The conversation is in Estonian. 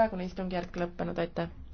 praegune istungjärk lõppenud, aitäh!